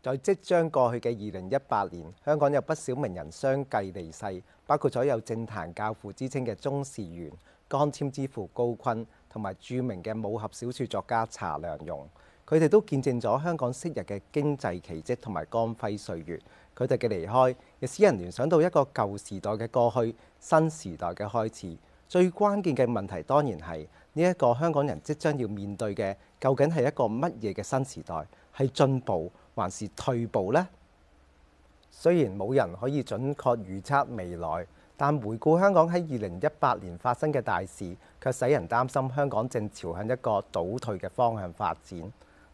在即將過去嘅二零一八年，香港有不少名人相繼離世，包括咗有政壇教父之稱嘅鍾士元、江謙之父高坤，同埋著名嘅武俠小說作家查良鏞。佢哋都見證咗香港昔日嘅經濟奇蹟同埋光輝歲月。佢哋嘅離開，亦使人聯想到一個舊時代嘅過去，新時代嘅開始。最關鍵嘅問題當然係呢一個香港人即將要面對嘅，究竟係一個乜嘢嘅新時代？係進步？還是退步呢？雖然冇人可以準確預測未來，但回顧香港喺二零一八年發生嘅大事，卻使人擔心香港正朝向一個倒退嘅方向發展。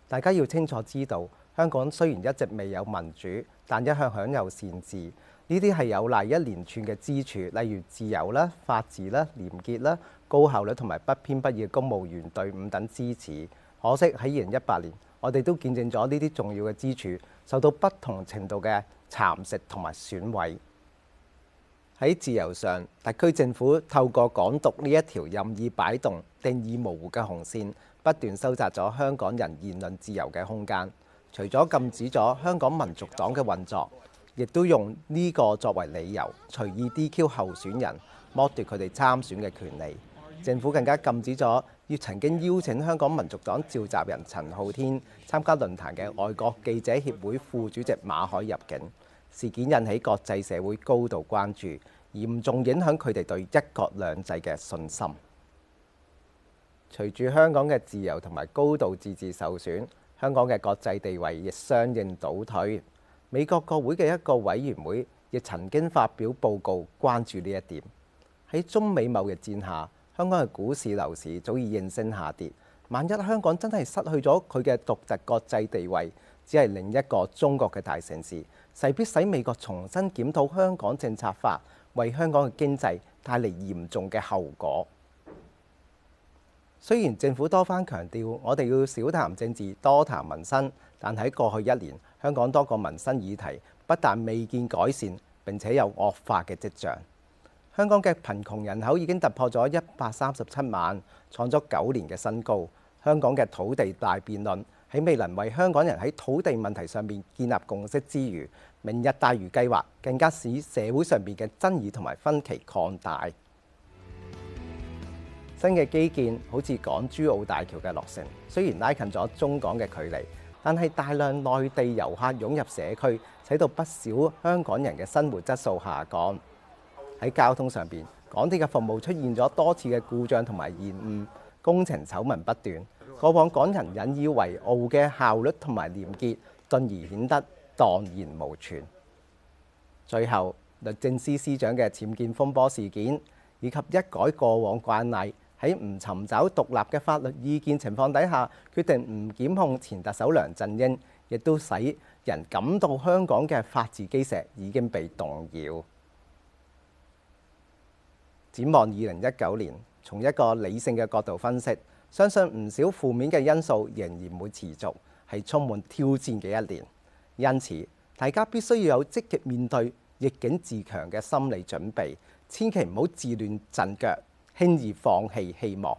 大家要清楚知道，香港雖然一直未有民主，但一向享有善治，呢啲係有賴一連串嘅支柱，例如自由啦、法治啦、廉潔啦、高效率同埋不偏不倚嘅公務員隊伍等支持。可惜喺二零一八年，我哋都見證咗呢啲重要嘅支柱受到不同程度嘅蠶食同埋損毀。喺自由上，特區政府透過港獨呢一條任意擺動、定義模糊嘅紅線，不斷收窄咗香港人言論自由嘅空間。除咗禁止咗香港民族黨嘅運作，亦都用呢個作為理由，隨意 DQ 候選人，剝奪佢哋參選嘅權利。政府更加禁止咗。亦曾經邀請香港民族黨召集人陳浩天參加論壇嘅外國記者協會副主席馬海入境事件，引起國際社會高度關注，嚴重影響佢哋對一國兩制嘅信心。隨住香港嘅自由同埋高度自治受損，香港嘅國際地位亦相應倒退。美國國會嘅一個委員會亦曾經發表報告，關注呢一點。喺中美貿易戰下。香港嘅股市、樓市早已應聲下跌。萬一香港真係失去咗佢嘅獨特國際地位，只係另一個中國嘅大城市，勢必使美國重新檢討香港政策法，為香港嘅經濟帶嚟嚴重嘅後果。雖然政府多番強調，我哋要少談政治，多談民生，但喺過去一年，香港多個民生議題不但未見改善，並且有惡化嘅跡象。香港嘅貧窮人口已經突破咗一百三十七萬，創咗九年嘅新高。香港嘅土地大辯論喺未能為香港人喺土地問題上面建立共識之餘，明日大嶼計劃更加使社會上面嘅爭議同埋分歧擴大。新嘅基建好似港珠澳大橋嘅落成，雖然拉近咗中港嘅距離，但係大量內地遊客湧入社區，使到不少香港人嘅生活質素下降。喺交通上邊，港鐵嘅服務出現咗多次嘅故障同埋延誤，工程醜聞不斷，過往港人引以為傲嘅效率同埋廉潔頓而顯得蕩然無存。最後律政司司長嘅僭建風波事件，以及一改過往慣例喺唔尋找獨立嘅法律意見情況底下，決定唔檢控前特首梁振英，亦都使人感到香港嘅法治基石已經被動搖。展望二零一九年，從一個理性嘅角度分析，相信唔少負面嘅因素仍然會持續，係充滿挑戰嘅一年。因此，大家必須要有積極面對逆境自強嘅心理準備，千祈唔好自亂陣腳，輕易放棄希望。